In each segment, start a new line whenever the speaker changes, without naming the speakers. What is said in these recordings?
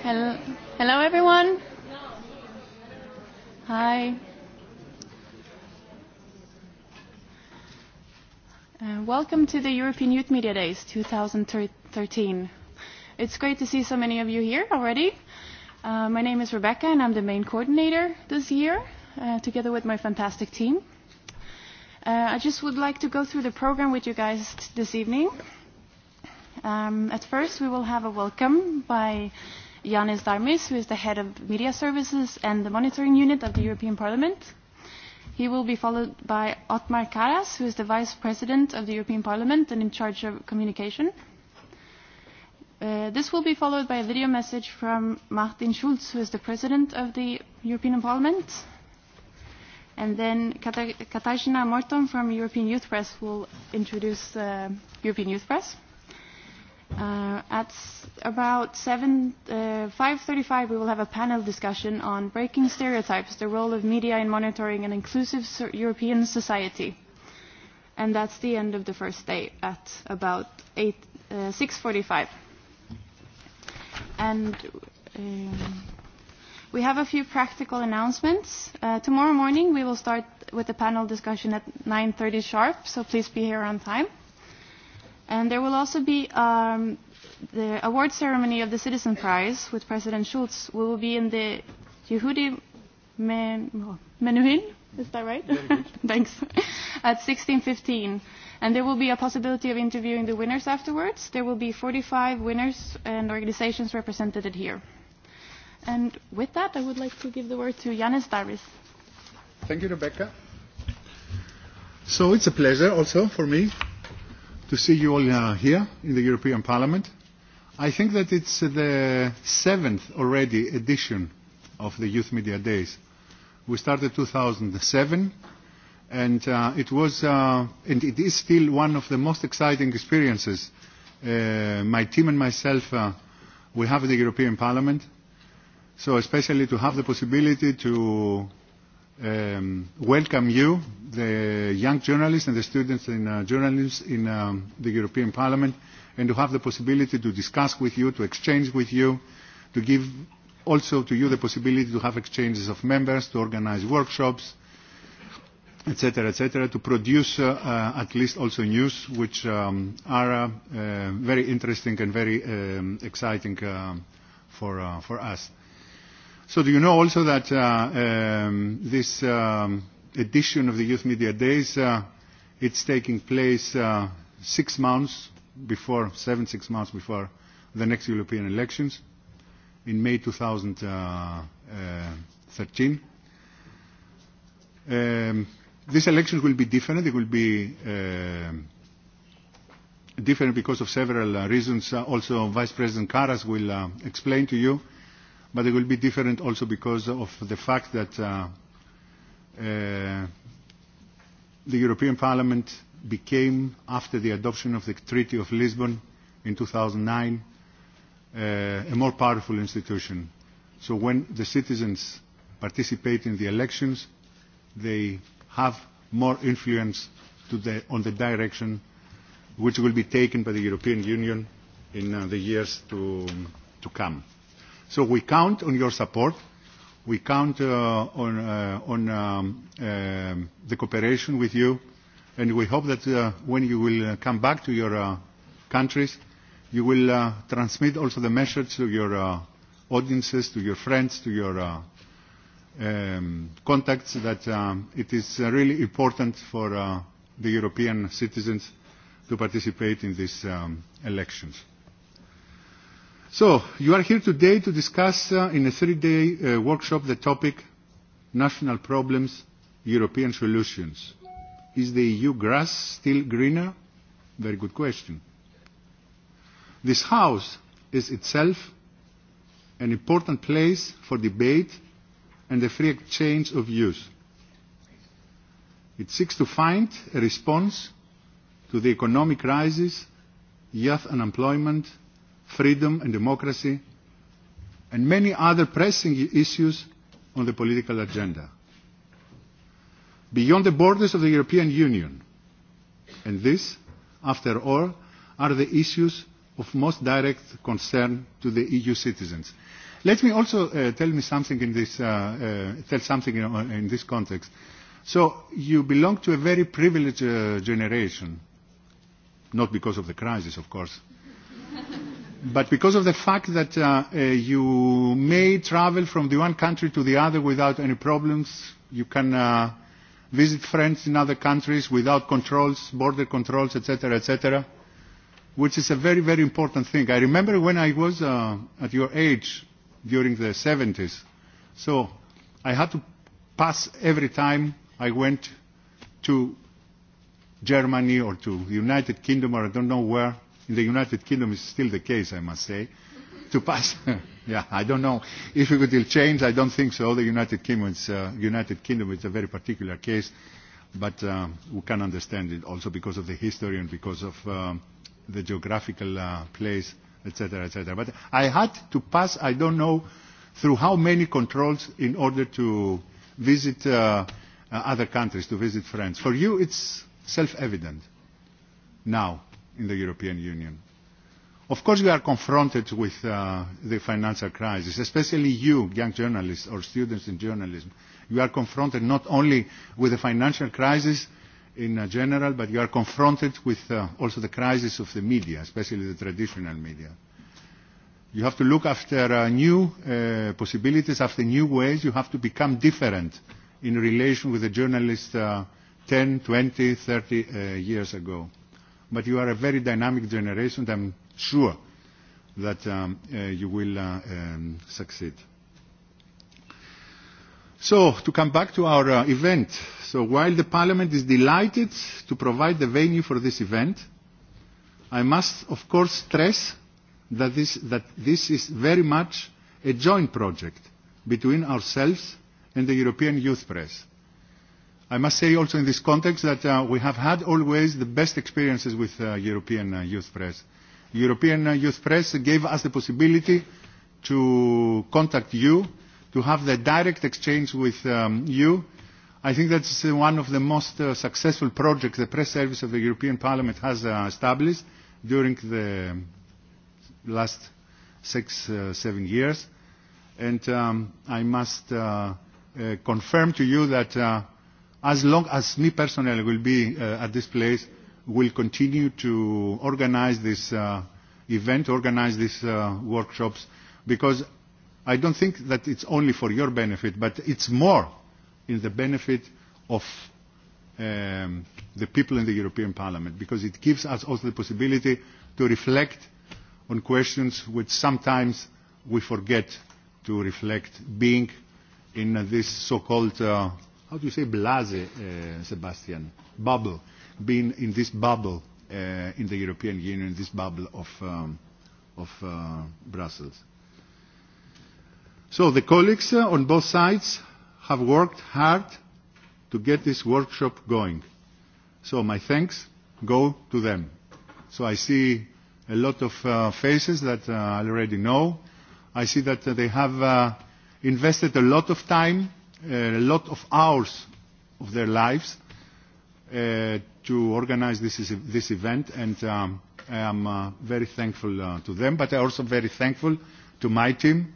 Hello everyone. Hi. Welcome to the European Youth Media Days 2013. It's great to see so many of you here already. Uh My name is Rebecca and I'm the main coordinator this year, together with my fantastic team. I just would like to go through the program with you guys this evening. At first, we will have a welcome by Yanis Darmis, who is the head of media services and the monitoring unit of the European Parliament. He will be followed by Otmar Karas, who is the vice president of the European Parliament and in charge of communication. This will be followed by a video message from Martin Schulz, who is the president of the European Parliament And then Katarzyna Morton from European Youth Press will introduce European Youth Press. At about 5.35 we will have a panel discussion on breaking stereotypes, the role of media in monitoring an inclusive European society. And that's the end of the first day at about 6.45. And We have a few practical announcements. Tomorrow morning we will start with the panel discussion at 9.30 sharp, so please be here on time. And there will also be the award ceremony of the Citizen Prize with President Schulz. We will be in the Yehudi Menuhin, is that right? Thanks. At 16.15. And there will be a possibility of interviewing the winners afterwards. There will be 45 winners and organizations represented here. And with that, I would like to give the word to Yanis Daris.
Thank you, Rebecca. So it's a pleasure also for me to see you all here in the European Parliament. I think that it's the seventh already edition of the Youth Media Days. We started 2007 and it was and it is still one of the most exciting experiences my team and myself we have in the European Parliament So especially to have the possibility to welcome you, the young journalists and the students and journalists in the European Parliament, and to have the possibility to discuss with you, to exchange with you, to give also to you the possibility to have exchanges of members, to organize workshops, etc., etc., to produce at least also news which are very interesting and very exciting for us. So do you know also that this edition of the Youth Media Days, it's taking place six months before, seven, six months before the next European elections in May 2013. These elections will be different. They will be different because of several reasons. Also, Vice President Karas will explain to you but it will be different also because of the fact that the European Parliament became, after the adoption of the Treaty of Lisbon in 2009, a more powerful institution. So when the citizens participate in the elections, they have more influence on the direction which will be taken by the European Union in the years to come. So we count on your support. We count on the cooperation with you, and we hope that when you will come back to your countries, you will transmit also the message to your audiences, to your friends, to your contacts that it is really important for the European citizens to participate in these elections. So, you are here today to discuss in a three-day workshop the topic National Problems, European Solutions. Is the EU grass still greener? Very good question. This House is itself an important place for debate and the free exchange of views. It seeks to find a response to the economic crisis, youth unemployment, freedom and democracy, and many other pressing issues on the political agenda. Beyond the borders of the European Union, and this, after all, are the issues of most direct concern to the EU citizens. Let me also tell me something in this tell something in this context. So you belong to a very privileged generation, not because of the crisis, of course, But because of the fact that you may travel from the one country to the other without any problems, you can visit friends in other countries without controls, border controls, etc., etc., which is a very, very important thing. I remember when I was at your age during the 70s, so I had to pass every time I went to Germany or to the United Kingdom or I don't know where in the United Kingdom is still the case, I must say, to pass. yeah, I don't know if it will change. I don't think so. The United Kingdom is, United Kingdom is a very particular case, but we can understand it also because of the history and because of the geographical place, etc., etc. But I had to pass, I don't know, through how many controls in order to visit other countries, to visit friends. For you, it's self-evident now in the European Union. Of course, we are confronted with the financial crisis, especially you, young journalists or students in journalism. You are confronted not only with the financial crisis in general, but you are confronted with also the crisis of the media, especially the traditional media. You have to look after new possibilities, after new ways. You have to become different in relation with the journalists 10, 20, 30 years ago. But you are a very dynamic generation. and I'm sure that you will succeed. So, to come back to our event. So, while the Parliament is delighted to provide the venue for this event, I must, of course, stress that this is very much a joint project between ourselves and the European Youth Press. I must say also in this context that we have had always the best experiences with European Youth Press. European Youth Press gave us the possibility to contact you, to have the direct exchange with you. I think that's one of the most successful projects the press service of the European Parliament has established during the last six, seven years. And I must confirm to you that as long as me personally will be at this place, will continue to organize this event, organize these workshops, because I don't think that it's only for your benefit, but it's more in the benefit of the people in the European Parliament, because it gives us also the possibility to reflect on questions which sometimes we forget to reflect, being in this so-called how do you say blase, Sebastian, bubble, being in this bubble in the European Union, in this bubble of of Brussels. So the colleagues on both sides have worked hard to get this workshop going. So my thanks go to them. So I see a lot of faces that I already know. I see that they have invested a lot of time a lot of hours of their lives to organize this event, and I am very thankful to them, but I also very thankful to my team,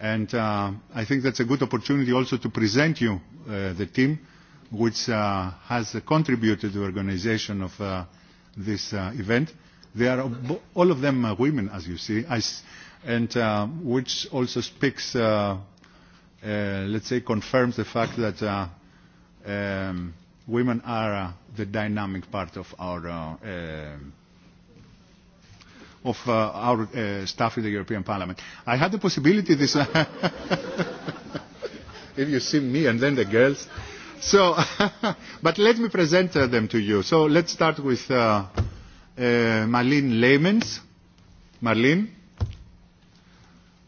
and I think that's a good opportunity also to present you the team which has contributed to the organization of this event. They are all of them women, as you see, and which also speaks let's say, confirms the fact that women are the dynamic part of our of our staff in the European Parliament. I had the possibility this. If you see me and then the girls. So, but let me present them to you. So let's start with Marlene Lehmens, Marlene,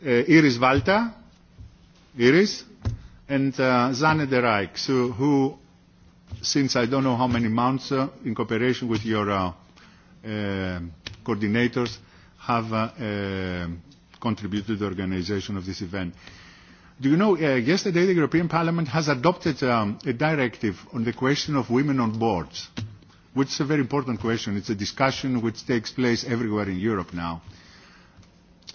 Iris Walter, Iris, and Zane de Rijk, who, since I don't know how many months, in cooperation with your coordinators, have contributed to the organisation of this event. Do you know, yesterday the European Parliament has adopted a directive on the question of women on boards, which is a very important question. It's a discussion which takes place everywhere in Europe now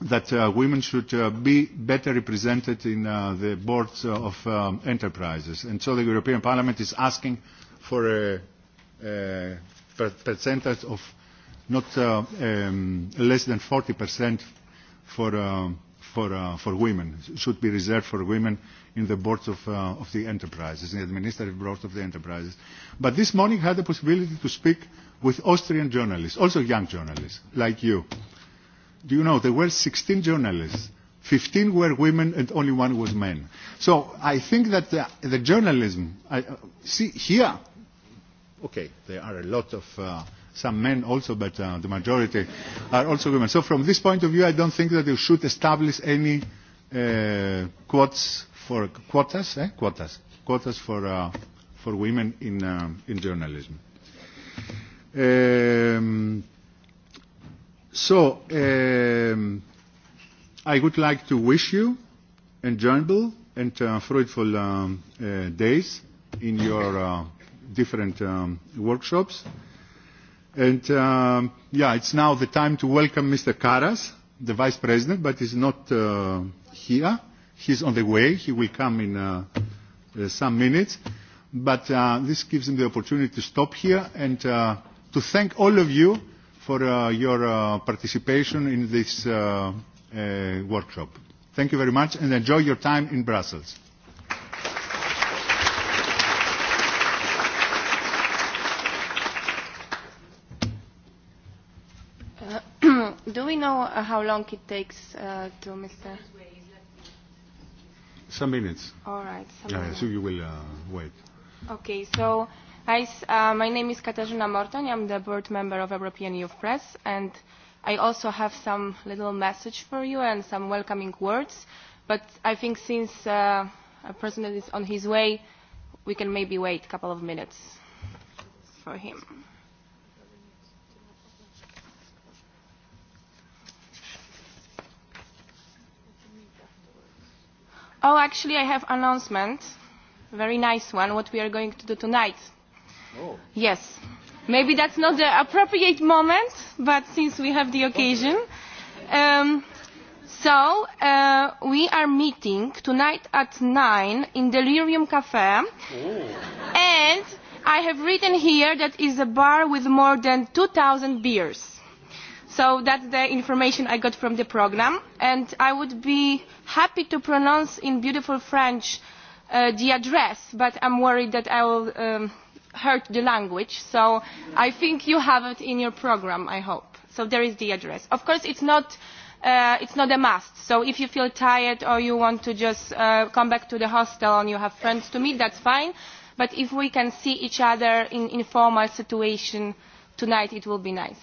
that women should be better represented in the boards of enterprises. And so the European Parliament is asking for a percentage of not less than 40% for for for women, should be reserved for women in the boards of of the enterprises, in the administrative boards of the enterprises. But this morning I had the possibility to speak with Austrian journalists, also young journalists like you do you know, there were 16 journalists. 15 were women and only one was men. So I think that the journalism, I see here, okay, there are a lot of some men also, but the majority are also women. So from this point of view, I don't think that you should establish any quotas for quotas, quotas, quotas for for women in in journalism. So I would like to wish you enjoyable and fruitful days in your different workshops. And yeah, it's now the time to welcome Mr. Karas, the Vice President, but he's not here. He's on the way. He will come in some minutes. But this gives him the opportunity to stop here and to thank all of you for your participation in this workshop. Thank you very much and enjoy your time in Brussels.
Do we know how long it takes to Mr.
Some minutes. All right. So you will wait.
Okay. So. Hi, my name is Katarzyna Morton. I'm the board member of European Youth Press, and I also have some little message for you and some welcoming words. But I think since a president is on his way, we can maybe wait a couple of minutes for him. Oh, actually, I have announcement, very nice one, what we are going to do tonight Yes. Maybe that's not the appropriate moment, but since we have the occasion. So, we are meeting tonight at 9 in Delirium Café. And I have written here that is a bar with more than 2,000 beers. So that's the information I got from the program. And I would be happy to pronounce in beautiful French the address, but I'm worried that I will heard the language so i think you have it in your programme i hope so there is the address. of course it is not a must so if you feel tired or you want to just come back to the hostel and you have friends to meet that's fine but if we can see each other in informal situation tonight it will be nice.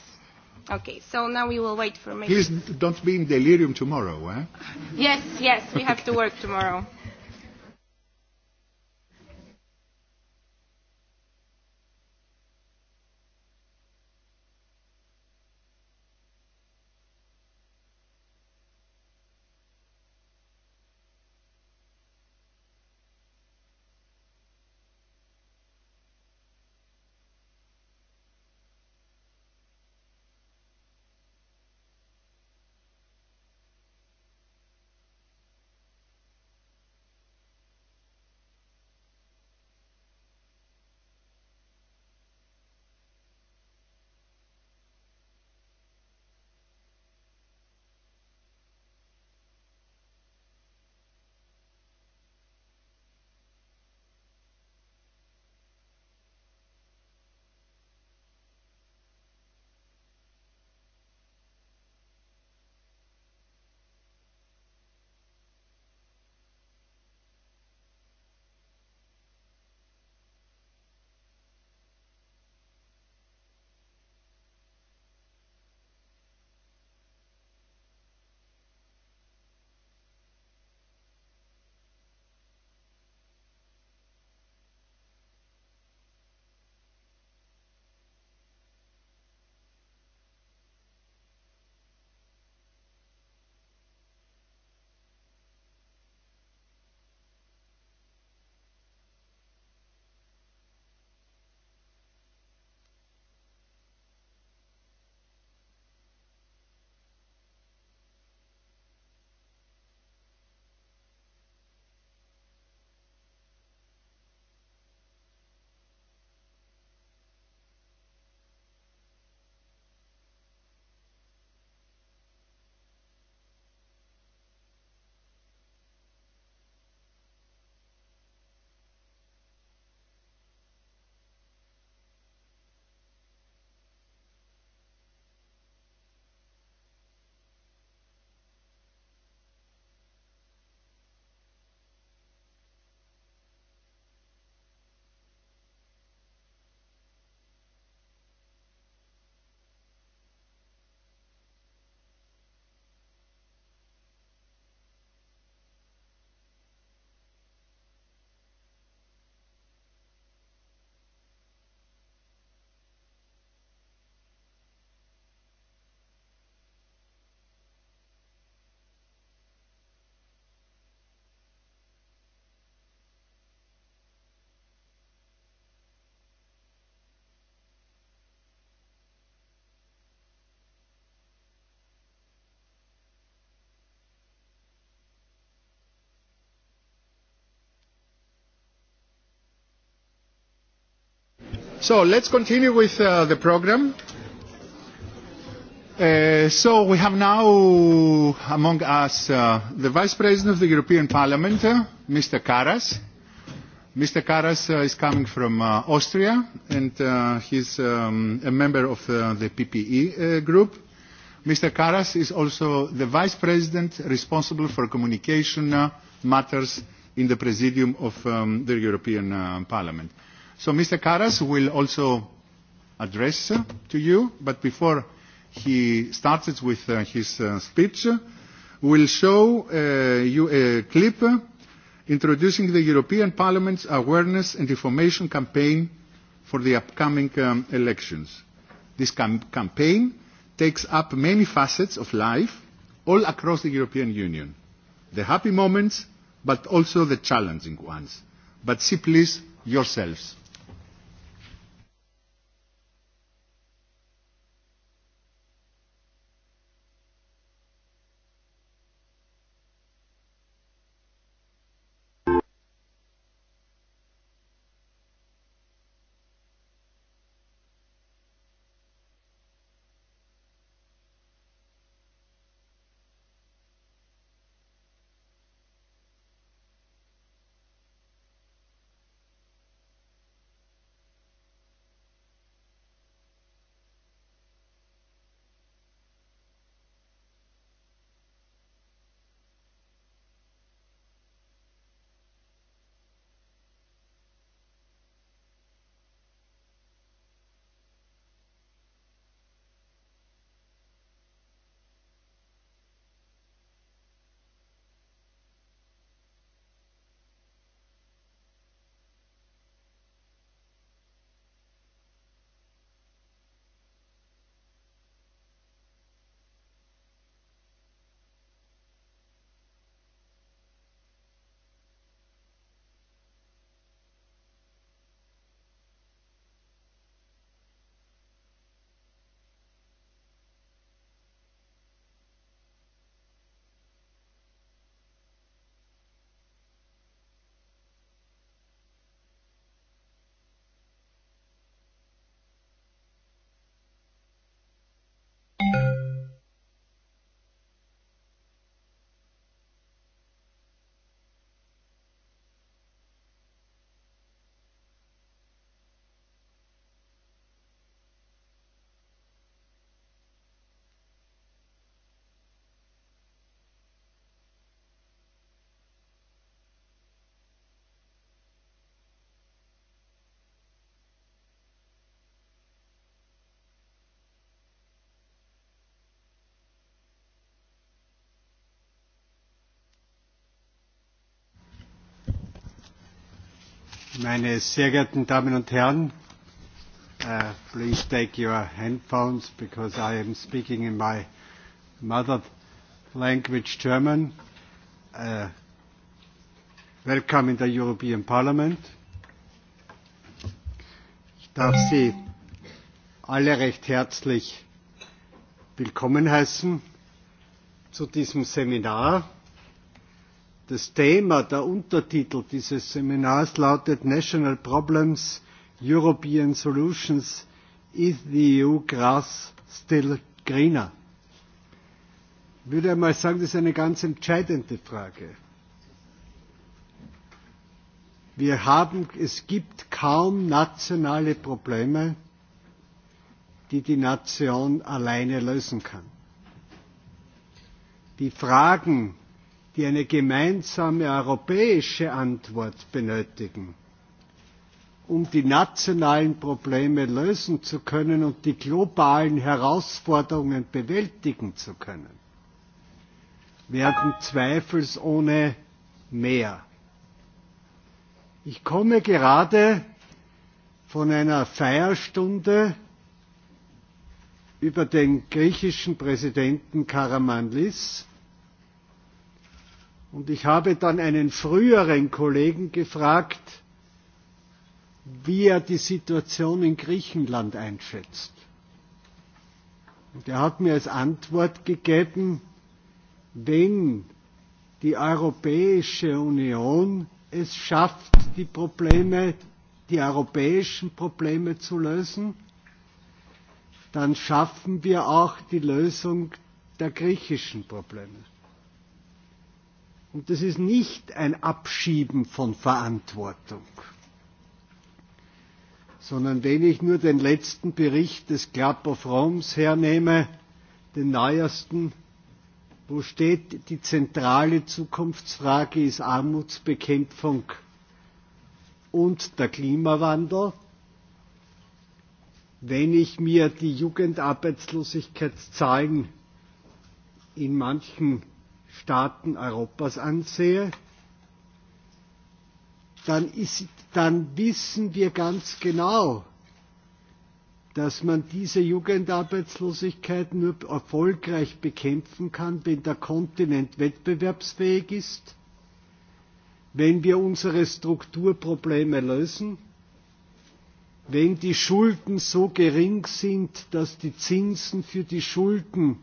okay so now we will wait for me. please
don't be in delirium tomorrow.
yes yes we have to work tomorrow.
So let's continue with the program. So we have now among us the Vice President of the European Parliament, Mr. Karas. Mr. Karas is coming from Austria and he's a member of the PPE group. Mr. Karas is also the Vice President responsible for communication matters in the Presidium of the European Parliament. So Mr. Karas will also address to you, but before he starts with his speech, will show you a clip introducing the European Parliament's awareness and information campaign for the upcoming elections. This campaign takes up many facets of life all across the European Union, the happy moments, but also the challenging ones. But see, please, yourselves.
Meine sehr geehrten Damen und Herren, please take your handphones because I am speaking in my mother language German. Welcome in the European Parliament. Ich darf Sie alle recht herzlich willkommen heißen zu diesem Seminar Das Thema, der Untertitel dieses Seminars lautet National Problems, European Solutions, Is the EU Grass Still Greener? Ich würde einmal sagen, das ist eine ganz entscheidende Frage. Wir haben, es gibt kaum nationale Probleme, die die Nation alleine lösen kann. Die Fragen, die eine gemeinsame europäische Antwort benötigen, um die nationalen Probleme lösen zu können und die globalen Herausforderungen bewältigen zu können, werden zweifelsohne mehr. Ich komme gerade von einer Feierstunde über den griechischen Präsidenten Karamanlis Und ich habe dann einen früheren Kollegen gefragt, wie er die Situation in Griechenland einschätzt. Und er hat mir als Antwort gegeben, wenn die Europäische Union es schafft, die Probleme, die europäischen Probleme zu lösen, dann schaffen wir auch die Lösung der griechischen Probleme. Und das ist nicht ein Abschieben von Verantwortung, sondern wenn ich nur den letzten Bericht des Club of Roms hernehme, den neuesten, wo steht, die zentrale Zukunftsfrage ist Armutsbekämpfung und der Klimawandel. Wenn ich mir die Jugendarbeitslosigkeitszahlen in manchen Staaten Europas ansehe, dann dann wissen wir ganz genau, dass man diese Jugendarbeitslosigkeit nur erfolgreich bekämpfen kann, wenn der Kontinent wettbewerbsfähig ist, wenn wir unsere Strukturprobleme lösen, wenn die Schulden so gering sind, dass die Zinsen für die Schulden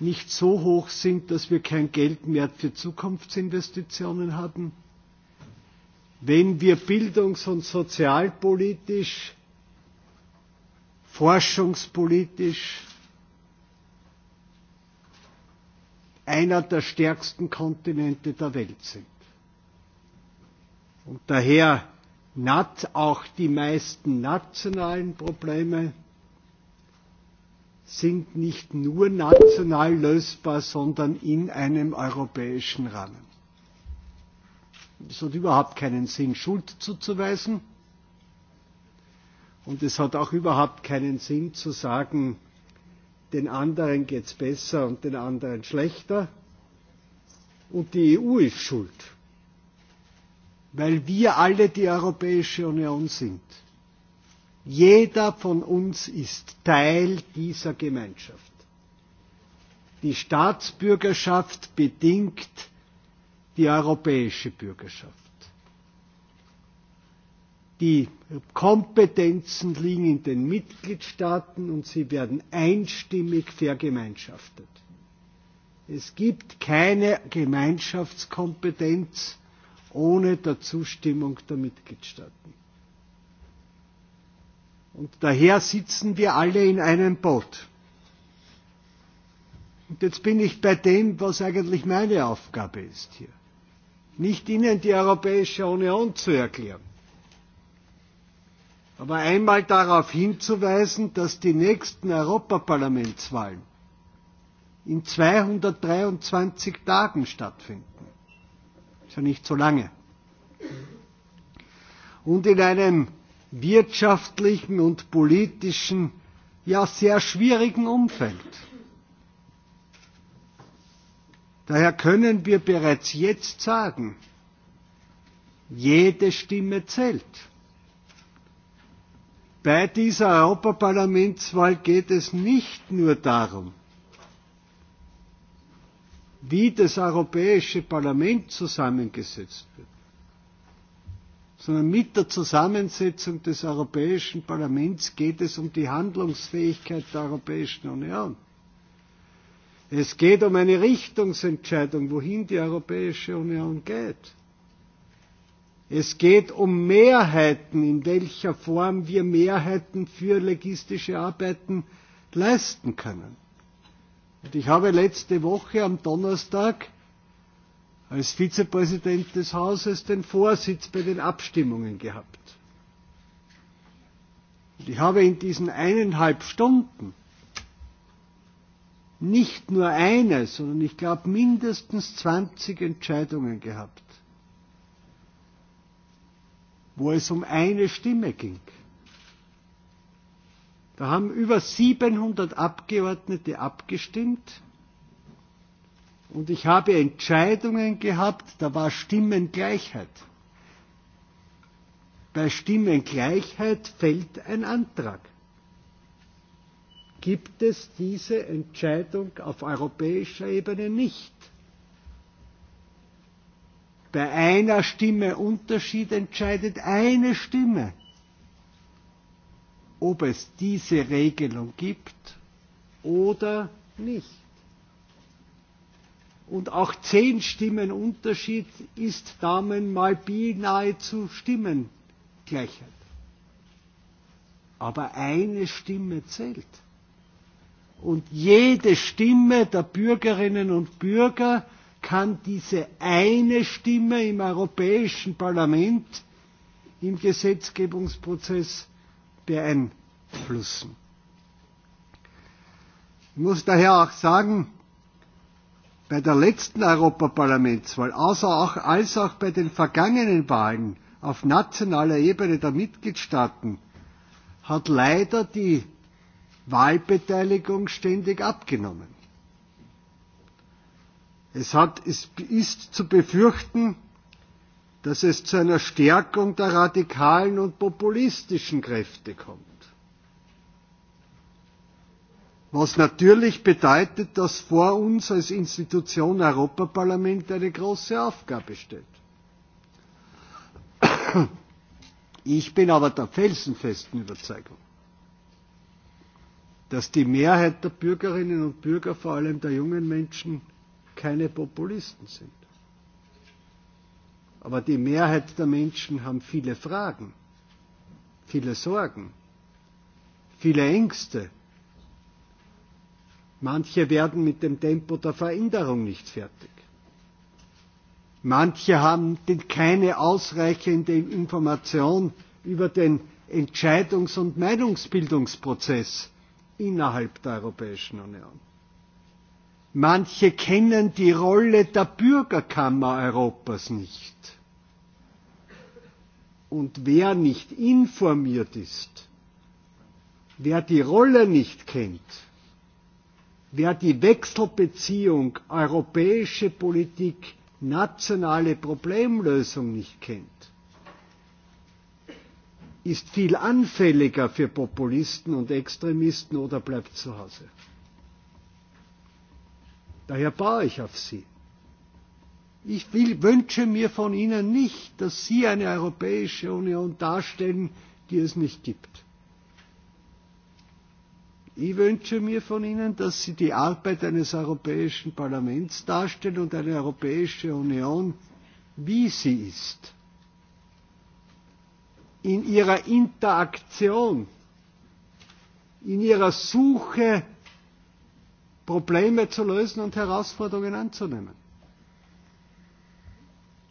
nicht so hoch sind, dass wir kein Geld mehr für Zukunftsinvestitionen haben, wenn wir bildungs- und sozialpolitisch, forschungspolitisch einer der stärksten Kontinente der Welt sind. Und daher auch die meisten nationalen Probleme sind nicht nur national lösbar, sondern in einem europäischen Rahmen. Es hat überhaupt keinen Sinn, Schuld zuzuweisen. Und es hat auch überhaupt keinen Sinn zu sagen, den anderen geht es besser und den anderen schlechter. Und die EU ist schuld, weil wir alle die Europäische Union sind. Jeder von uns ist Teil dieser Gemeinschaft. Die Staatsbürgerschaft bedingt die europäische Bürgerschaft. Die Kompetenzen liegen in den Mitgliedstaaten und sie werden einstimmig vergemeinschaftet. Es gibt keine Gemeinschaftskompetenz ohne der Zustimmung der Mitgliedstaaten. Und daher sitzen wir alle in einem Boot. Und jetzt bin ich bei dem, was eigentlich meine Aufgabe ist hier. Nicht Ihnen die Europäische Union zu erklären, aber einmal darauf hinzuweisen, dass die nächsten Europaparlamentswahlen in 223 Tagen stattfinden. Ist ja nicht so lange. Und in einem wirtschaftlichen und politischen, ja sehr schwierigen Umfeld. Daher können wir bereits jetzt sagen, jede Stimme zählt. Bei dieser Europaparlamentswahl geht es nicht nur darum, wie das Europäische Parlament zusammengesetzt wird sondern mit der Zusammensetzung des Europäischen Parlaments geht es um die Handlungsfähigkeit der Europäischen Union. Es geht um eine Richtungsentscheidung, wohin die Europäische Union geht. Es geht um Mehrheiten, in welcher Form wir Mehrheiten für logistische Arbeiten leisten können. ich habe letzte Woche am Donnerstag als Vizepräsident des Hauses den Vorsitz bei den Abstimmungen gehabt. Ich habe in diesen eineinhalb Stunden nicht nur eine, sondern ich glaube mindestens 20 Entscheidungen gehabt, wo es um eine Stimme ging. Da haben über 700 Abgeordnete abgestimmt Und ich habe Entscheidungen gehabt, da war Stimmengleichheit. Bei Stimmengleichheit fällt ein Antrag. Gibt es diese Entscheidung auf europäischer Ebene nicht? Bei einer Stimme Unterschied entscheidet eine Stimme. Ob es diese Regelung gibt oder nicht. Und auch zehn Stimmen Unterschied ist Damen mal Bi nahezu Stimmengleichheit. Aber eine Stimme zählt. Und jede Stimme der Bürgerinnen und Bürger kann diese eine Stimme im Europäischen Parlament im Gesetzgebungsprozess beeinflussen. Ich muss daher auch sagen, bei der letzten Europaparlamentswahl, als auch bei den vergangenen Wahlen auf nationaler Ebene der Mitgliedstaaten, hat leider die Wahlbeteiligung ständig abgenommen. Es ist zu befürchten, dass es zu einer Stärkung der radikalen und populistischen Kräfte kommt was natürlich bedeutet, dass vor uns als Institution Europaparlament eine große Aufgabe steht. Ich bin aber der felsenfesten Überzeugung, dass die Mehrheit der Bürgerinnen und Bürger, vor allem der jungen Menschen, keine Populisten sind. Aber die Mehrheit der Menschen haben viele Fragen, viele Sorgen, viele Ängste Manche werden mit dem Tempo der Veränderung nicht fertig. Manche haben keine ausreichende Information über den Entscheidungs- und Meinungsbildungsprozess innerhalb der Europäischen Union. Manche kennen die Rolle der Bürgerkammer Europas nicht. Und wer nicht informiert ist, wer die Rolle nicht kennt, wer die Wechselbeziehung europäische Politik, nationale Problemlösung nicht kennt, ist viel anfälliger für Populisten und Extremisten oder bleibt zu Hause. Daher baue ich auf Sie. Ich wünsche mir von Ihnen nicht, dass Sie eine Europäische Union darstellen, die es nicht gibt. Ich wünsche mir von Ihnen, dass Sie die Arbeit eines Europäischen Parlaments darstellen und eine Europäische Union, wie sie ist, in ihrer Interaktion, in ihrer Suche, Probleme zu lösen und Herausforderungen anzunehmen.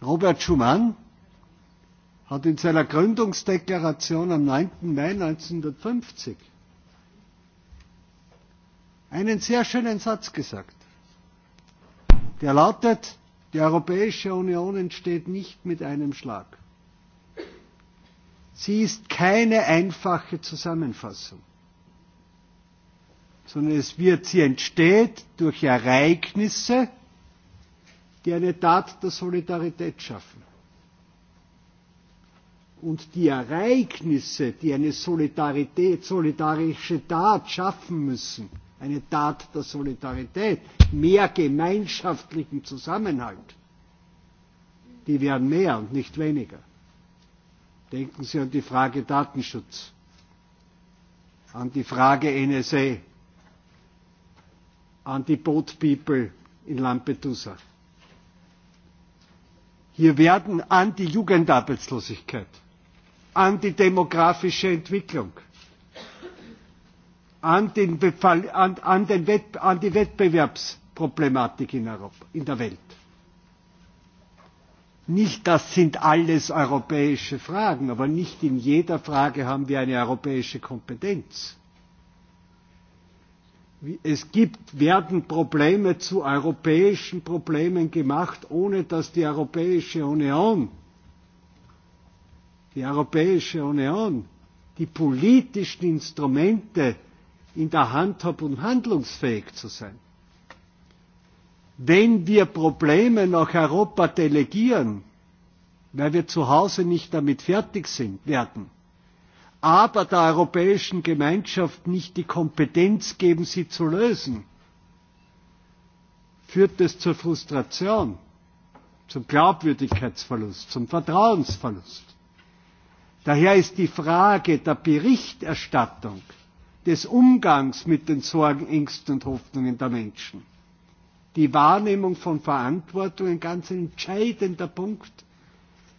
Robert Schumann hat in seiner Gründungsdeklaration am 9. Mai 1950 einen sehr schönen Satz gesagt. Der lautet, die Europäische Union entsteht nicht mit einem Schlag. Sie ist keine einfache Zusammenfassung, sondern es wird, sie entsteht durch Ereignisse, die eine Tat der Solidarität schaffen. Und die Ereignisse, die eine Solidarität, solidarische Tat schaffen müssen, eine Tat der Solidarität, mehr gemeinschaftlichen Zusammenhalt. Die werden mehr und nicht weniger. Denken Sie an die Frage Datenschutz, an die Frage NSA, an die Boat People in Lampedusa. Hier werden an die Jugendarbeitslosigkeit, an die demografische Entwicklung, an die Wettbewerbsproblematik in der Welt. Nicht das sind alles europäische Fragen, aber nicht in jeder Frage haben wir eine europäische Kompetenz. Es werden Probleme zu europäischen Problemen gemacht, ohne dass die Europäische Union, die Europäische Union die politischen Instrumente in der Hand habe, um handlungsfähig zu sein. Wenn wir Probleme nach Europa delegieren, weil wir zu Hause nicht damit fertig sind werden, aber der europäischen Gemeinschaft nicht die Kompetenz geben, sie zu lösen, führt es zur Frustration, zum Glaubwürdigkeitsverlust, zum Vertrauensverlust. Daher ist die Frage der Berichterstattung des Umgangs mit den Sorgen, Ängsten und Hoffnungen der Menschen. Die Wahrnehmung von Verantwortung ein ganz entscheidender Punkt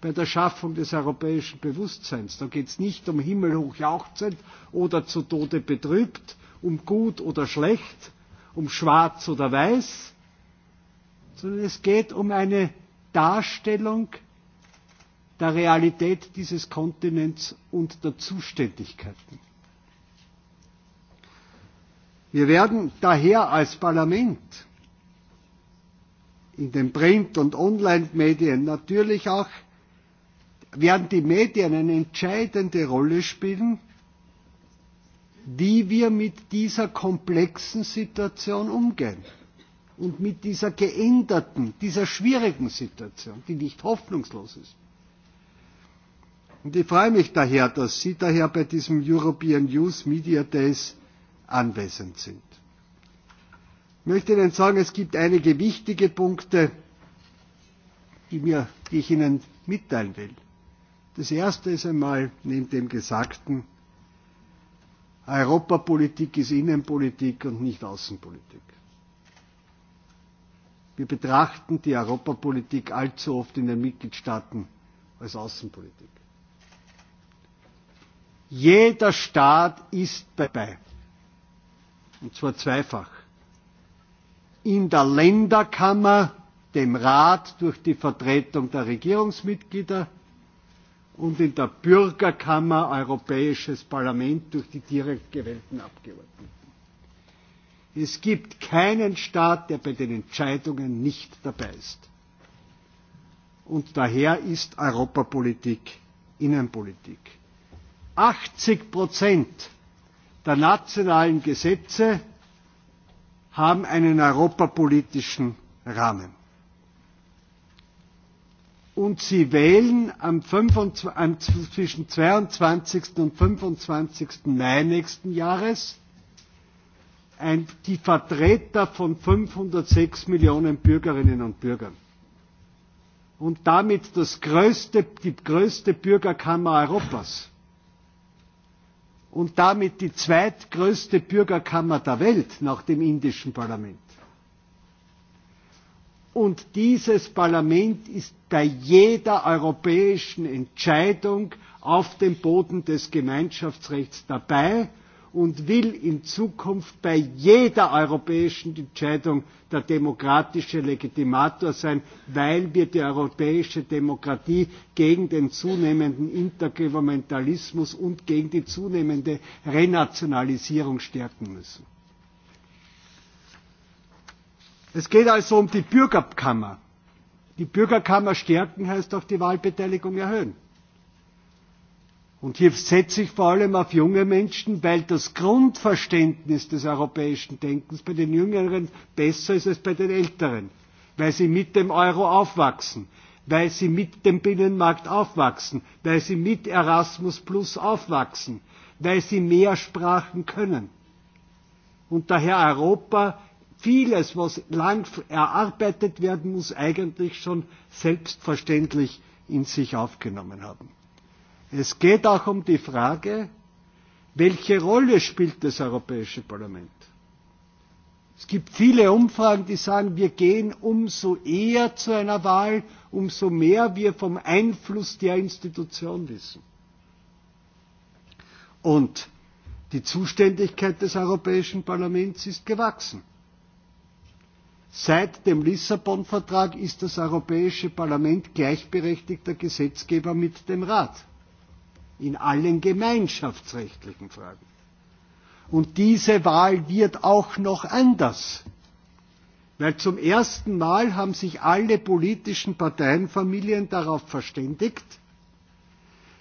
bei der Schaffung des europäischen Bewusstseins. Da geht es nicht um himmelhoch jauchzend oder zu Tode betrübt, um gut oder schlecht, um schwarz oder weiß, sondern es geht um eine Darstellung der Realität dieses Kontinents und der Zuständigkeiten. Wir werden daher als Parlament in den Print- und Online-Medien natürlich auch, werden die Medien eine entscheidende Rolle spielen, wie wir mit dieser komplexen Situation umgehen und mit dieser geänderten, dieser schwierigen Situation, die nicht hoffnungslos ist. Und ich freue mich daher, dass Sie daher bei diesem European Youth Media Days anwesend sind. Ich möchte Ihnen sagen, es gibt einige wichtige Punkte, die ich Ihnen mitteilen will. Das erste ist einmal neben dem Gesagten, Europapolitik ist Innenpolitik und nicht Außenpolitik. Wir betrachten die Europapolitik allzu oft in den Mitgliedstaaten als Außenpolitik. Jeder Staat ist dabei und zwar zweifach in der Länderkammer, dem Rat durch die Vertretung der Regierungsmitglieder und in der Bürgerkammer Europäisches Parlament durch die direkt gewählten Abgeordneten. Es gibt keinen Staat, der bei den Entscheidungen nicht dabei ist. Und daher ist Europapolitik Innenpolitik. 80 der nationalen Gesetze haben einen europapolitischen Rahmen. Und sie wählen am zwischen 22. und 25. Mai nächsten Jahres die Vertreter von 506 Millionen Bürgerinnen und Bürgern und damit die größte Bürgerkammer Europas und damit die zweitgrößte Bürgerkammer der Welt nach dem indischen Parlament. Und dieses Parlament ist bei jeder europäischen Entscheidung auf dem Boden des Gemeinschaftsrechts dabei und will in Zukunft bei jeder europäischen Entscheidung der demokratische Legitimator sein, weil wir die europäische Demokratie gegen den zunehmenden Intergouvernementalismus und gegen die zunehmende Renationalisierung stärken müssen. Es geht also um die Bürgerkammer. Die Bürgerkammer stärken heißt auch die Wahlbeteiligung erhöhen. Und hier setze ich vor allem auf junge Menschen, weil das Grundverständnis des europäischen Denkens bei den Jüngeren besser ist als bei den Älteren, weil sie mit dem Euro aufwachsen, weil sie mit dem Binnenmarkt aufwachsen, weil sie mit Erasmus Plus aufwachsen, weil sie mehr Sprachen können. Und daher Europa vieles, was lang erarbeitet werden muss, eigentlich schon selbstverständlich in sich aufgenommen haben. Es geht auch um die Frage, welche Rolle spielt das Europäische Parlament? Es gibt viele Umfragen, die sagen, wir gehen umso eher zu einer Wahl, umso mehr wir vom Einfluss der Institution wissen. Und die Zuständigkeit des Europäischen Parlaments ist gewachsen. Seit dem Lissabon Vertrag ist das Europäische Parlament gleichberechtigter Gesetzgeber mit dem Rat in allen gemeinschaftsrechtlichen Fragen. Und diese Wahl wird auch noch anders, weil zum ersten Mal haben sich alle politischen Parteienfamilien darauf verständigt,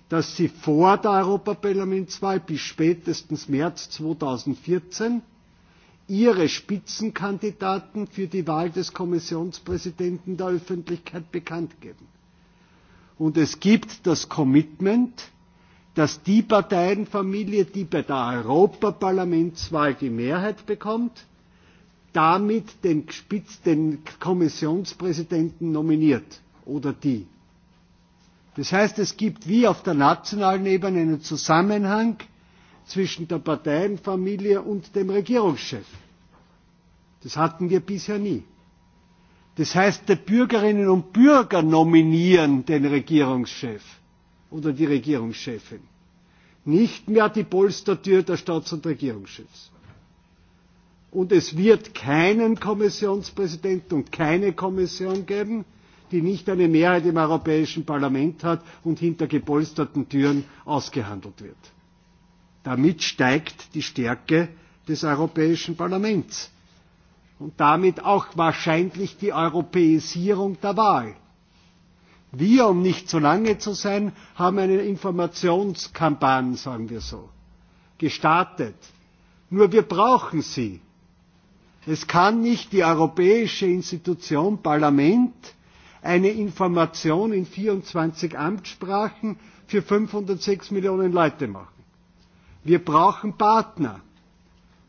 dass sie vor der Europaparlamentswahl bis spätestens März 2014 ihre Spitzenkandidaten für die Wahl des Kommissionspräsidenten der Öffentlichkeit bekannt geben. Und es gibt das Commitment, dass die Parteienfamilie, die bei der Europaparlamentswahl die Mehrheit bekommt, damit den Kommissionspräsidenten nominiert oder die. Das heißt, es gibt wie auf der nationalen Ebene einen Zusammenhang zwischen der Parteienfamilie und dem Regierungschef. Das hatten wir bisher nie. Das heißt, die Bürgerinnen und Bürger nominieren den Regierungschef oder die Regierungschefin. Nicht mehr die Polstertür der Staats- und Regierungschefs. Und es wird keinen Kommissionspräsidenten und keine Kommission geben, die nicht eine Mehrheit im Europäischen Parlament hat und hinter gepolsterten Türen ausgehandelt wird. Damit steigt die Stärke des Europäischen Parlaments und damit auch wahrscheinlich die Europäisierung der Wahl wir, um nicht zu lange zu sein, haben eine Informationskampagne, sagen wir so, gestartet. Nur wir brauchen sie. Es kann nicht die europäische Institution Parlament eine Information in 24 Amtssprachen für 506 Millionen Leute machen. Wir brauchen Partner.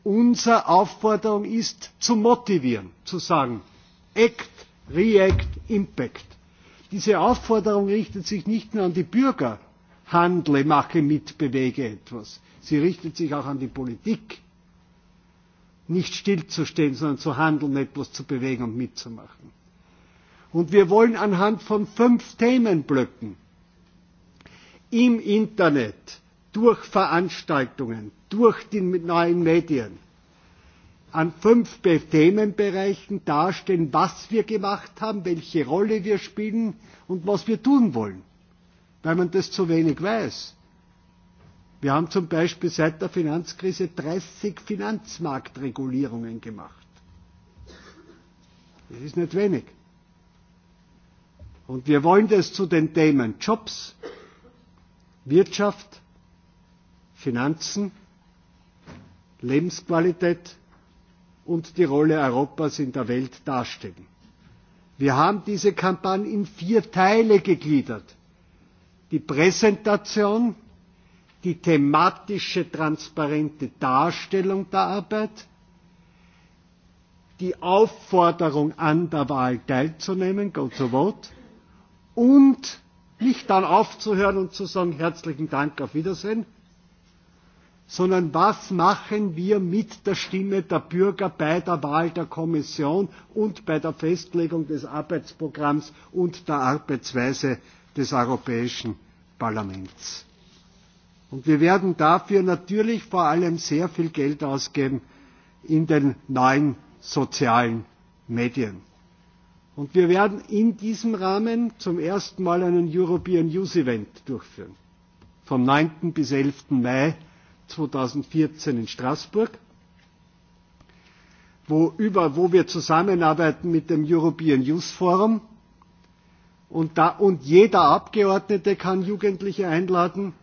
Unsere Aufforderung ist, zu motivieren, zu sagen, Act, React, Impact. Diese Aufforderung richtet sich nicht nur an die Bürger handle, mache mit, bewege etwas. Sie richtet sich auch an die Politik, nicht stillzustehen, sondern zu handeln, etwas zu bewegen und mitzumachen. Und wir wollen anhand von fünf Themenblöcken im Internet, durch Veranstaltungen, durch die neuen Medien, an fünf Themenbereichen darstellen, was wir gemacht haben, welche Rolle wir spielen und was wir tun wollen, weil man das zu wenig weiß. Wir haben zum Beispiel seit der Finanzkrise 30 Finanzmarktregulierungen gemacht. Das ist nicht wenig. Und wir wollen das zu den Themen Jobs, Wirtschaft, Finanzen, Lebensqualität, und die Rolle Europas in der Welt darstellen. Wir haben diese Kampagne in vier Teile gegliedert. Die Präsentation, die thematische, transparente Darstellung der Arbeit, die Aufforderung an der Wahl teilzunehmen, go to vote, und nicht dann aufzuhören und zu sagen, herzlichen Dank, auf Wiedersehen, sondern was machen wir mit der Stimme der Bürger bei der Wahl der Kommission und bei der Festlegung des Arbeitsprogramms und der Arbeitsweise des Europäischen Parlaments. Und wir werden dafür natürlich vor allem sehr viel Geld ausgeben in den neuen sozialen Medien. Und wir werden in diesem Rahmen zum ersten Mal einen European Youth Event durchführen. Vom 9. bis 11. Mai 2014 in Straßburg, wo wir zusammenarbeiten mit dem European Youth Forum. Und jeder Abgeordnete kann Jugendliche einladen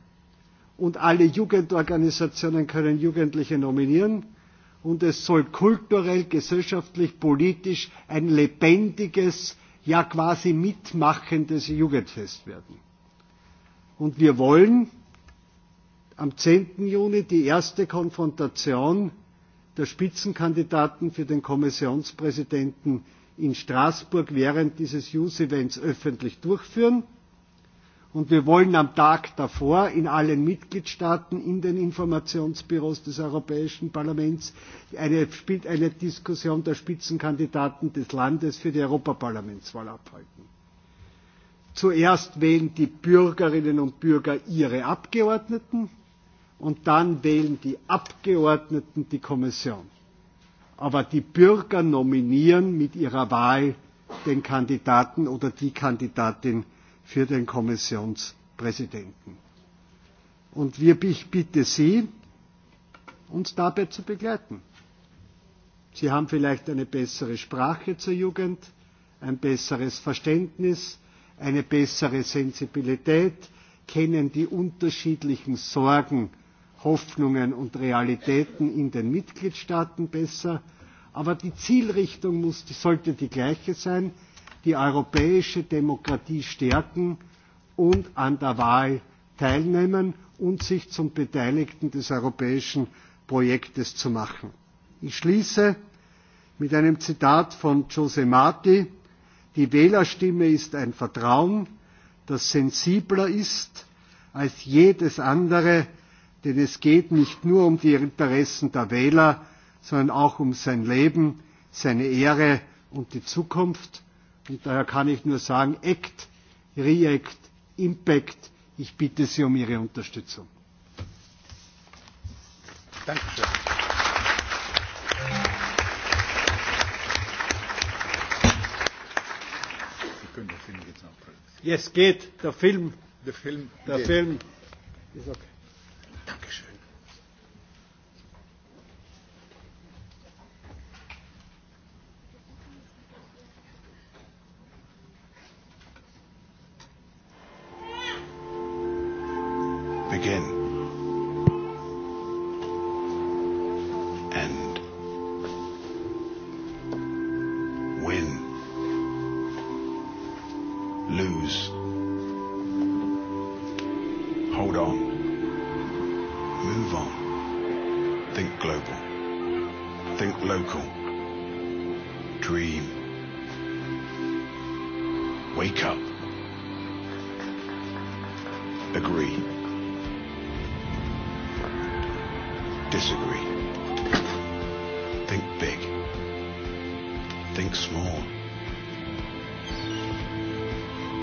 und alle Jugendorganisationen können Jugendliche nominieren. Und es soll kulturell, gesellschaftlich, politisch ein lebendiges, ja quasi mitmachendes Jugendfest werden. Und wir wollen am 10. Juni die erste Konfrontation der Spitzenkandidaten für den Kommissionspräsidenten in Straßburg während dieses Use-Events öffentlich durchführen. Und wir wollen am Tag davor in allen Mitgliedstaaten, in den Informationsbüros des Europäischen Parlaments eine Diskussion der Spitzenkandidaten des Landes für die Europaparlamentswahl abhalten. Zuerst wählen die Bürgerinnen und Bürger ihre Abgeordneten und dann wählen die Abgeordneten die Kommission. Aber die Bürger nominieren mit ihrer Wahl den Kandidaten oder die Kandidatin für den Kommissionspräsidenten. Und ich bitte Sie, uns dabei zu begleiten. Sie haben vielleicht eine bessere Sprache zur Jugend, ein besseres Verständnis, eine bessere Sensibilität, kennen die unterschiedlichen Sorgen Hoffnungen und Realitäten in den Mitgliedstaaten besser. Aber die Zielrichtung sollte die gleiche sein, die europäische Demokratie stärken und an der Wahl teilnehmen und sich zum Beteiligten des europäischen Projektes zu machen. Ich schließe mit einem Zitat von Jose Marti Die Wählerstimme ist ein Vertrauen, das sensibler ist als jedes andere denn es geht nicht nur um die Interessen der Wähler, sondern auch um sein Leben, seine Ehre und die Zukunft. Und daher kann ich nur sagen, ACT, REACT, Impact, ich bitte Sie um Ihre Unterstützung. geht. Film.
lose. Hold on. Move on. Think global. Think local. Dream. Wake up. Agree. Disagree.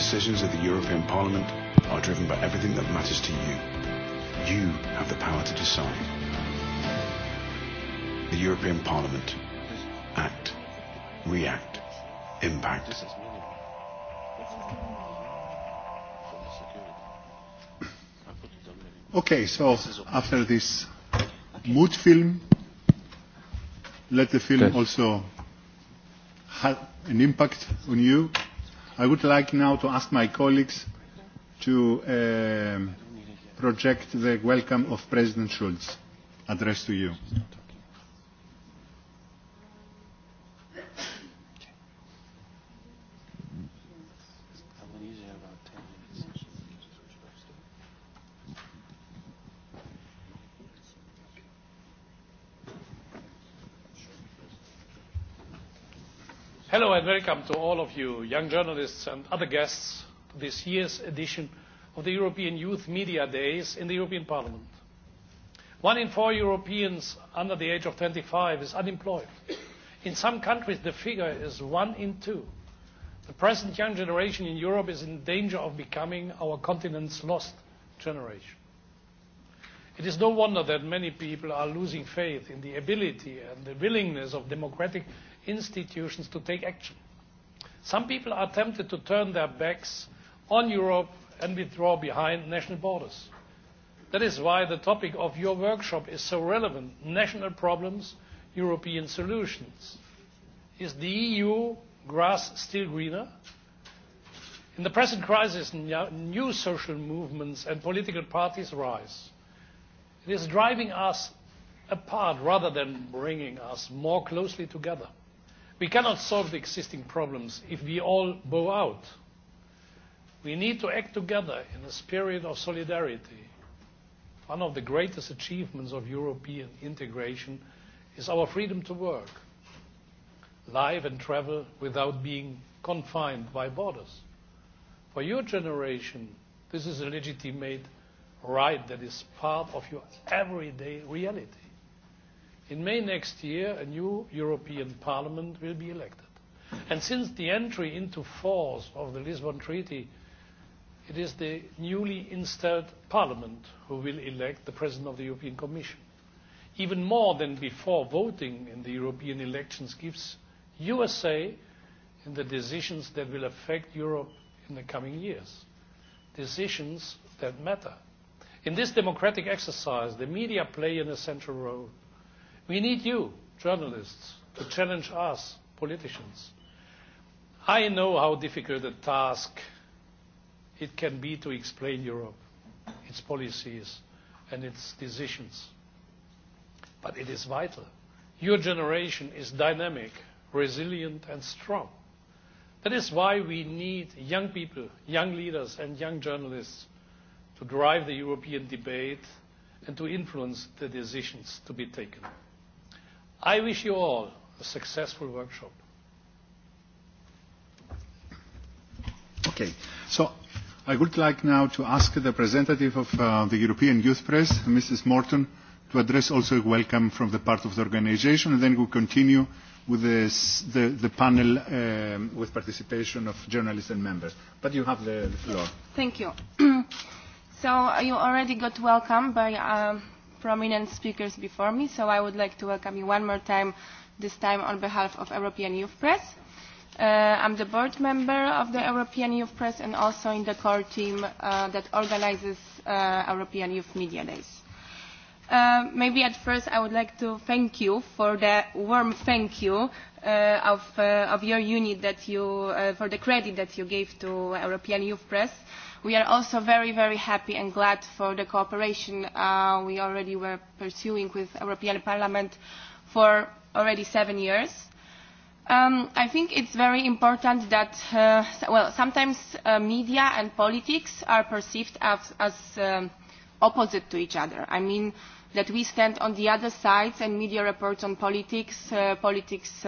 decisions of the European Parliament are driven by everything that matters to you. You have the power to decide.
The European Parliament. Act.
React. Impact.
Okay, so after this mood film, let the film also have an impact on you. I would like now to ask my colleagues to project the welcome of President Schulz addressed to you.
Hello and welcome to all of you, young journalists and other guests, to this year's edition of the European Youth Media Days in the European Parliament. One in four Europeans under the age of 25 is unemployed. In some countries the figure is one in two. The present young generation in Europe is in danger of becoming our continent's lost generation. It is no wonder that many people are losing faith in the ability and the willingness of democratic institutions to take action. Some people are tempted to turn their backs on Europe and withdraw behind national borders. That is why the topic of your workshop is so relevant. National problems, European solutions. Is the EU grass still greener? In the present crisis, new social movements and political parties rise. It is driving us apart rather than bringing us more closely together. We cannot solve the existing problems if we all bow out. We need to act together in a spirit of solidarity. One of the greatest achievements of European integration is our freedom to work, live and travel without being confined by borders. For your generation, this is a legitimate right that is part of your everyday reality. In May next year, a new European Parliament will be elected. And since the entry into force of the Lisbon Treaty, it is the newly installed Parliament who will elect the President of the European Commission. Even more than before, voting in the European elections gives USA in the decisions that will affect Europe in the coming years. Decisions that matter. In this democratic exercise, the media play an essential role. We need you, journalists, to challenge us, politicians. I know how difficult a task it can be to explain Europe, its policies and its decisions. But it is vital. Your generation is dynamic, resilient and strong. That is why we need young people, young leaders and young journalists to drive the European debate and to influence the decisions to be taken. I wish you all a successful workshop.
Okay. So I would like now to ask the representative of the European Youth Press, Mrs. Morton, to address also a welcome from the part of the organization, and then we'll continue with the panel with participation of journalists and members. But you have the floor.
Thank you. So you already got welcome by prominent speakers before me, so I would like to welcome you one more time, this time on behalf of European Youth Press. I'm the board member of the European Youth Press and also in the core team that organizes European Youth Media Days. Maybe at first I would like to thank you for the warm thank you of your unit that you for the credit that you gave to European Youth Press. We are also very, very happy and glad for the cooperation we already were pursuing with European Parliament for already seven years. I think it's very important that, well, sometimes media and politics are perceived as opposite to each other. I mean, that we stand on the other side and media reports on politics, politics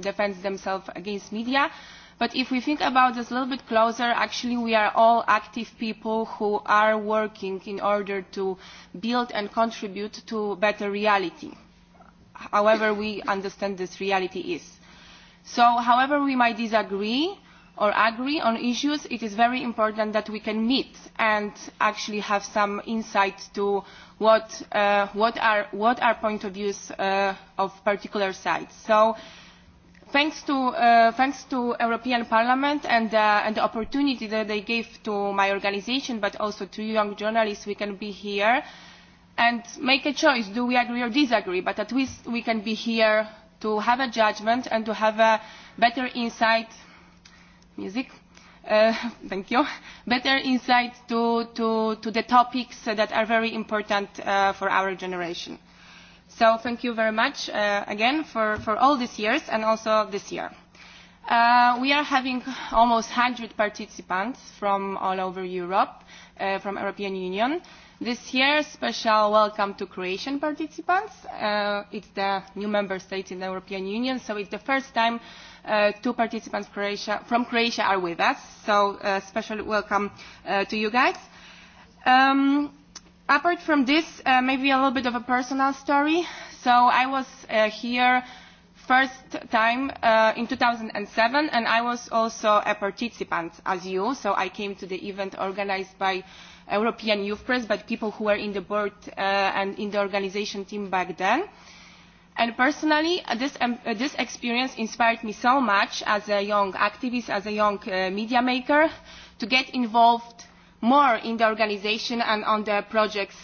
defends themselves against media. But if we think about this a little bit closer, actually we are all active people who are working in order to build and contribute to better reality, however we understand this reality is. So however we might disagree, or agree on issues, it is very important that we can meet and actually have some insight to what are point of views of particular sides. So thanks to the European Parliament and the opportunity that they gave to my organisation, but also to young journalists, we can be here and make a choice. Do we agree or disagree? But at least we can be here to have a judgment and to have a better insight music thank you better insight to to to the topics that are very important for our generation so thank you very much again for for all these years and also this year we are having almost 100 participants from all over europe from european union this year special welcome to croatian participants it's the new member state in the european union so it's the first time Two participants from Croatia are with us, so a special welcome to you guys. Apart from this, maybe a little bit of a personal story. So I was here first time in 2007, and I was also a participant as you. So I came to the event organized by European Youth Press, but people who were in the board and in the organization team back then. And personally, this experience inspired me so much as a young activist, as a young media maker, to get involved more in the organisation and on the projects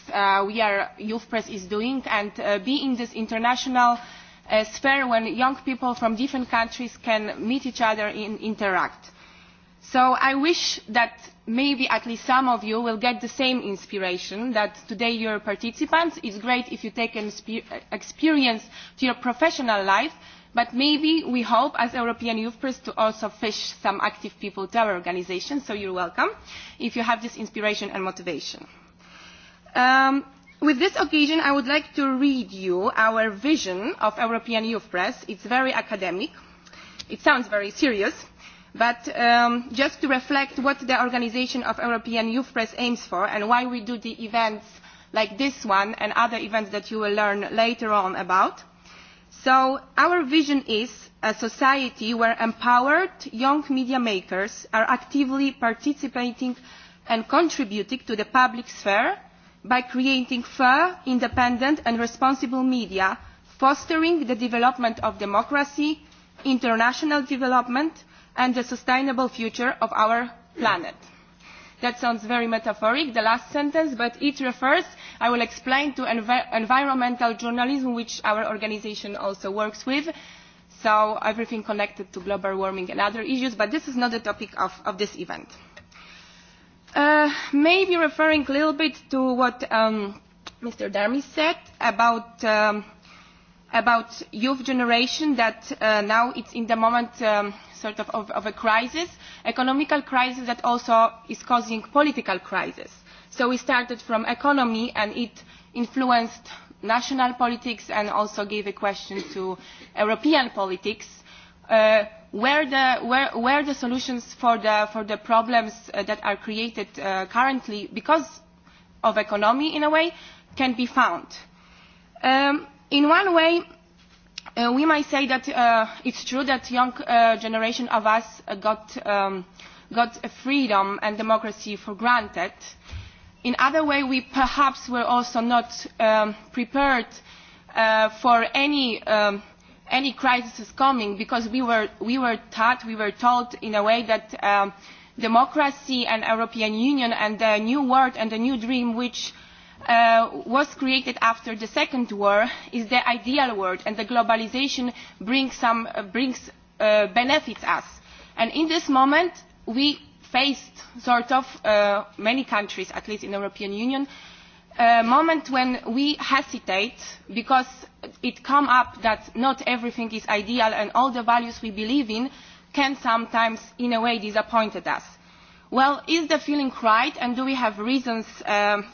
we are Youth Press is doing, and be in this international sphere when young people from different countries can meet each other and interact. So I wish that maybe at least some of you will get the same inspiration that today you are participants. It's great if you take an experience to your professional life, but maybe we hope as European Youth Press to also fish some active people to our organization, so you're welcome if you have this inspiration and motivation. With this occasion, I would like to read you our vision of European Youth Press. It's very academic. It sounds very serious But just to reflect what the organisation of European Youth Press aims for and why we do the events like this one and other events that you will learn later on about. So our vision is a society where empowered young media makers are actively participating and contributing to the public sphere by creating fair, independent and responsible media, fostering the development of democracy, international development and the sustainable future of our planet. That sounds very metaphoric, the last sentence, but it refers, I will explain, to environmental journalism, which our organization also works with, so everything connected to global warming and other issues, but this is not the topic of this event. Maybe referring a little bit to what Mr. Darmy said about about youth generation that now it's in the moment sort of, of a crisis, economical crisis that also is causing political crisis. So we started from economy and it influenced national politics and also gave a question to European politics where the solutions for the problems that are created currently because of economy in a way can be found. In one way we might say that it's true that young generation of us got got freedom and democracy for granted. In other way, we perhaps were also not prepared for any any crisis coming because we were we were taught we were told in a way that democracy and European Union and the new world and the new dream which was created after the second war is the ideal world and the globalisation brings benefits us. And in this moment we faced sort of many countries, at least in the European Union, a moment when we hesitate because it comes up that not everything is ideal and all the values we believe in can sometimes in a way disappoint us Well, is the feeling right and do we have reasons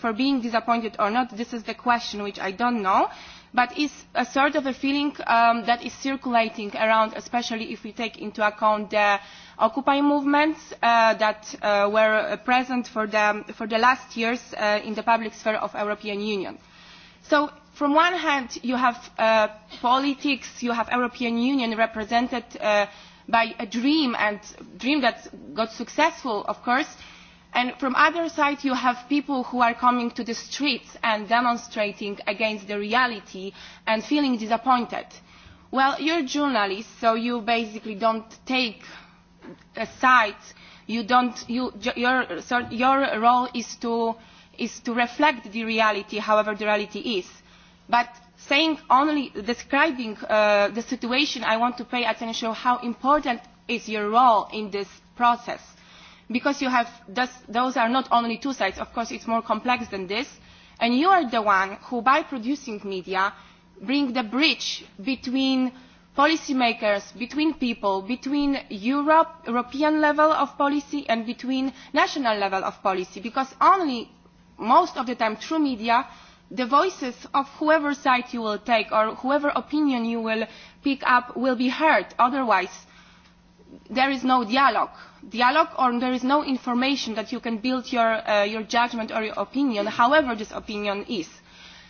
for being disappointed or not? This is the question which I don't know, but is a sort of a feeling that is circulating around, especially if we take into account the Occupy movements that were present for the last years in the public sphere of European Union. So from one hand you have politics, you have European Union represented by a dream and dream that got successful of course and from the other side you have people who are coming to the streets and demonstrating against the reality and feeling disappointed. well you are journalists so you basically don't take a side you don't your your role is to is to reflect the reality however the reality is but saying only describing the situation i want to pay attention to how important is your role in this process because you have those are not only two sides of course it's more complex than this and you are the one who by producing media bring the bridge between policymakers between people between europe european level of policy and between national level of policy because only most of the time through media the voices of whoever side you will take or whoever opinion you will pick up will be heard. Otherwise, there is no dialogue. Dialogue or there is no information that you can build your judgment or your opinion, however this opinion is.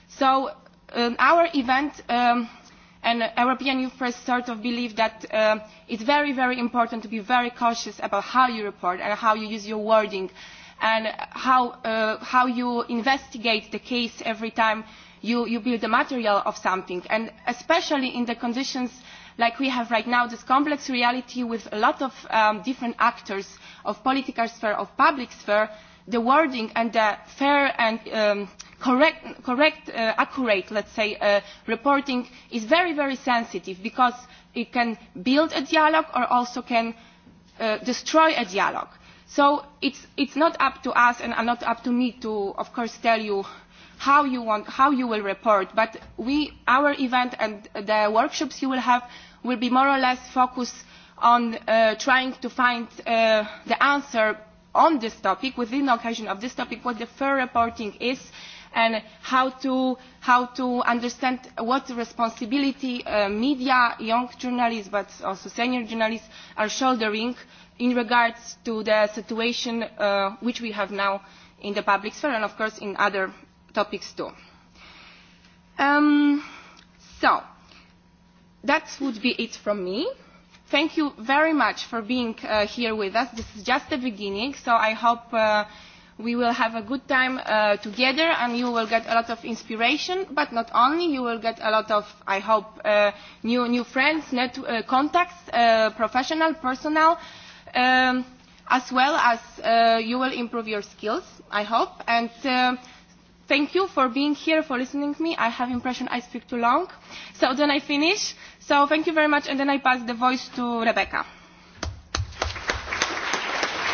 So our event and European Youth Press sort of believe that it's very, very important to be very cautious about how you report and how you use your wording and how you investigate the case every time you build the material of something. And especially in the conditions like we have right now, this complex reality with a lot of different actors of political sphere, of public sphere, the wording and the fair and correct, accurate, let's say, reporting is very, very sensitive because it can build a dialogue or also can destroy a dialogue So it's it's not up to us and not up to me to, of course, tell you how you want how you will report. But we our event and the workshops you will have will be more or less focused on trying to find the answer on this topic, within the occasion of this topic, what the fair reporting is and how to how to understand what responsibility media, young journalists but also senior journalists are shouldering in regards to the situation which we have now in the public sphere and of course in other topics too. So that would be it from me. Thank you very much for being here with us. This is just the beginning, so I hope we will have a good time together and you will get a lot of inspiration, but not only, you will get a lot of, I hope, new new friends, contacts, professional, personal as well as you will improve your skills, I hope. And thank you for being here, for listening to me. I have impression I speak too long. So then I finish. So thank you very much, and then I pass the voice to Rebecca.